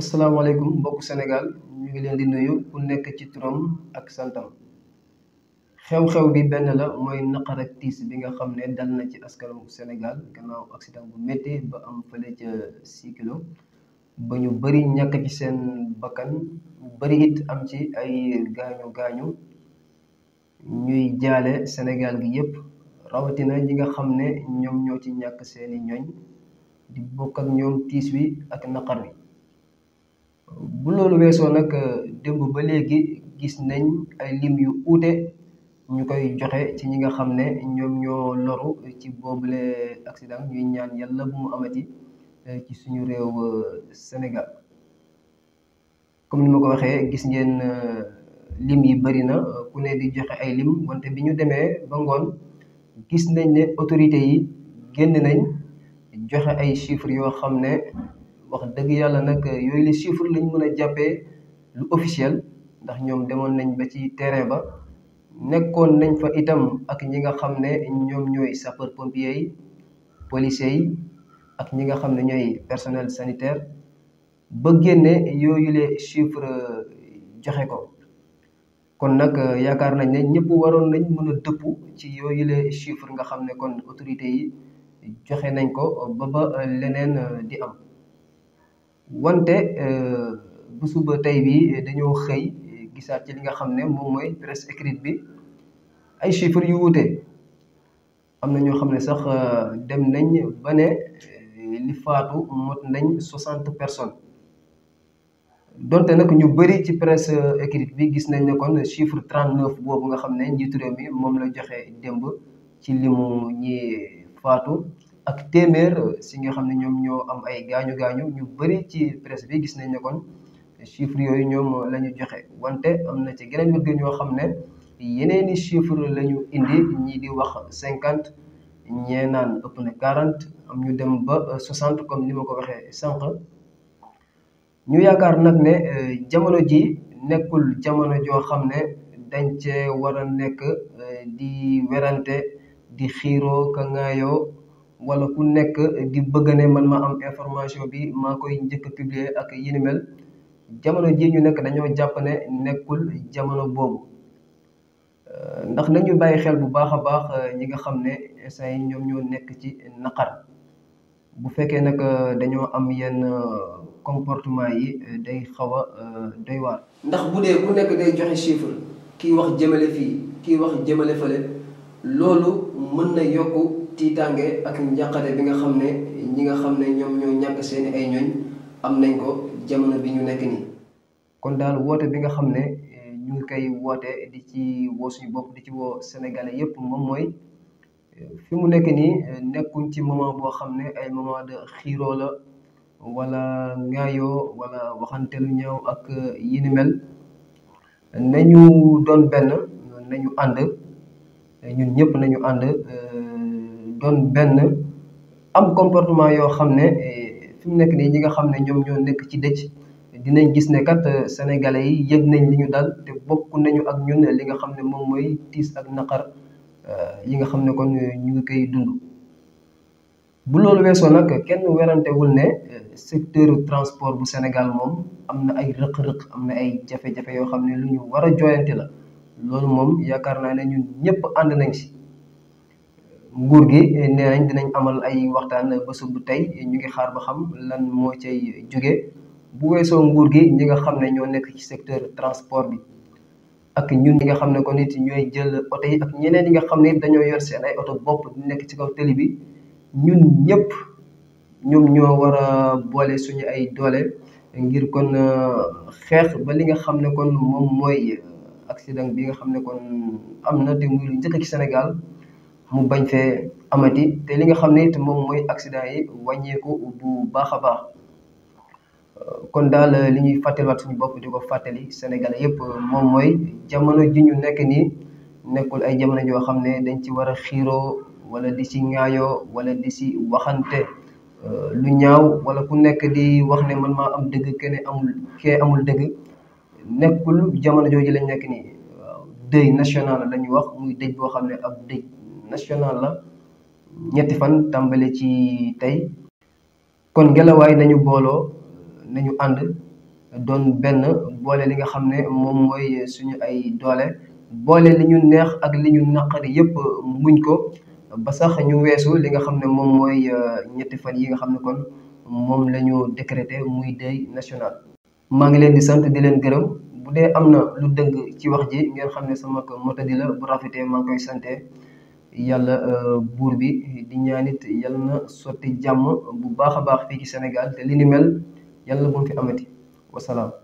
asalaamaaleykum mbokku Sénégal ñu ngi leen di nuyu ku nekk ci turam ak santam xew-xew bi benn la mooy naqar ak tiis bi nga xam ne dal na ci askanu Sénégal gannaaw accident bu métti ba am fële ca six ba ñu bëri ñàkk ci seen bakkan ñu bëri it am ci ay gaañu gaañu ñuy jaale Sénégal gi yépp rawatina ñi nga xam ne ñoom ñoo ci ñàkk seeni ñoñ di bokk ñoom tiis wi ak naqar wi. bu loolu weesoo nag euh, démb ba léegi gis nañ ay lim yu uute ñu koy joxe ci ñi nga xam ne ñoom ñoo loru ci boobule accident ñuy ñaan yàlla bu mu amati euh, ci suñu réew euh, Sénégal comme ni ma ko waxee gis ngeen lim yi bëri na ku ne di joxe ay lim wante bi ñu demee ba ngoon gis nañ ne autorités yi génn nañ joxe ay chiffres yoo xam ne wax dëgg yàlla nag yooyu la chiffre lañ mën a jàppee lu officiel ndax ñoom demoon nañ ba ci terrain ba nekkoon nañ fa itam ak ñi nga xam ne ñoom ñooy sapeur pompier yi policiers yi ak ñi nga xam ne ñooy personnel sanitaire ba génne yooyu les chiffres joxe ko kon nag yaakaar nañ ne ñëpp waroon nañ mën a dëpp ci yooyu les chiffres nga xam ne kon autorités yi joxe nañ ko ba ba leneen di am wante euh, bu suba tey bii dañoo xëy gisaat ci li nga xam ne moom mooy presse écrite bi ay chiffres yu wuute am na ñoo xam ne sax euh, dem nañ ba ne euh, li faatu mot nañ soixante personnes donte nag ñu bëri ci presse écrite bi gis nañ ne kon chiffre trente neuf boobu nga xam ne njiitu réew mi moom la joxe démb ci limu ñi faatu ak téeméer si nga xam ne ñoom ñoo am ay gaañu gaañu ñu bëri ci presse bi gis nañ ne kon chiffres yooyu ñoom lañu joxe wante am na ci geneen wet gi ñoo xam ne yeneen i chiffres indi ñii di wax cinquante ñee naan ëpp na quarante am ñu dem ba soixante comme ni ma ko waxee sànq ñu yaakaar nag ne euh, jamono ji nekkul jamono joo xam ne dañ cee war a nekk euh, di werante di xiiroo ka ngaayoo wala ku nekk di bëgg ne man ma am information bi ma koy njëkk a publier ak yi jamono jii ñu nekk dañoo jàpp ne nekkul jamono boobu euh, ndax nañu bàyyi xel bu baax a baax euh, ñi nga xam ne saa yi ñoom ñoo nekk ci naqar bu fekkee nag euh, dañoo am yenn comportement yi day xaw a doy waar. ndax bu dee ku nekk day joxe chiffre ki wax jëmale fii kii wax jëmale fële loolu mën na yokk. tiitaange ak njàqare bi nga xam ne ñi nga xam ne ñoom ñoo ñàkk seeni ay ñooñ am nañ ko jamono bi ñu nekk nii. kon daal woote bi nga xam ne ñu ngi koy woote di ci woo bopp di ci woo sénégalais yépp moom mooy fi mu nekk nii nekkuñ ci moment boo xam ne ay moment xiiroo la wala ngaayoo wala waxantelu ñëw ak yi ni nañu doon benn nañu ànd ñun ñépp nañu ànd. doon benn am comportement yoo xam ne eh, fi mu nekk nii ñi nga xam ne ñoom ñoo nekk ci dëj dinañ gis ne kat eh, sénégalais yi yëg nañ li ñu daal te bokk nañu ak ñun li nga xam ne moom mooy tiis ak naqar eh, yi nga xam ne kon ñu ngi koy dund. bu loolu weesoo nag kenn werantewul ne secteur transport bu Sénégal moom am na ay rëq-rëq am na ay jafe-jafe yoo xam ne lu ñu war a jooyante la loolu moom yaakaar naa ne ñun ñëpp ànd nañ si. nguur gi nee nañ dinañ amal ay waxtaan bés bu tey ñu ngi xaar ba xam lan moo cay jóge bu weesoo nguur gi ñi nga xam ne ñoo nekk ci secteur transport bi ak ñun ñi nga xam ne kon nit ñooy jël oto ak ñeneen ñi nga xam ne dañoo yor seen ay oto bopp di nekk ci kaw tëli bi ñun ñëpp ñoom ñoo war a boole suñu ay doole ngir kon euh, xeex ba li nga xam ne kon moom mooy euh, accident bi nga xam ne kon am na te muy lu njëkk ci Sénégal. mu bañ fee amati te li nga xam ne te moom mooy accident yi wàññeeku bu baax a baax kon daal li ñuy fàttaliwaat suñu bopp di ko fàttali Sénégal yëpp moom mooy jamono ji ñu nekk ni nekkul ay jamono yoo xam ne dañ ci war a xiiroo wala di si wala di si lu ñaaw wala ku nekk di wax ne man maa am dëgg kene amul kee amul dëgg nekkul jamono jooju lañ nekk nii waaw national la ñu wax muy dëj boo xam ne ab dëj national la ñetti fan tàmbale ci tey kon ngelawaay nañu booloo nañu ànd doon benn boole li nga xam ne moom mooy suñu ay doole boole li ñu neex ak li ñu naqari yépp muñ ko ba sax ñu weesu li nga xam ne moom mooy euh, ñetti fan yi nga xam ne kon moom lañu ñu décrété muy deuil national. maa ngi leen di sant di leen gërëm bu dee am na lu dëgg ci wax ji ngeen xam ne sama motadi la bu rafetee maa ngi koy sante yàlla euh, buur bi di ñaanit yàlla na sotti jàmm bu baax a baax fii ci Sénégal te li ni mel yàlla bu fi amati wasalaam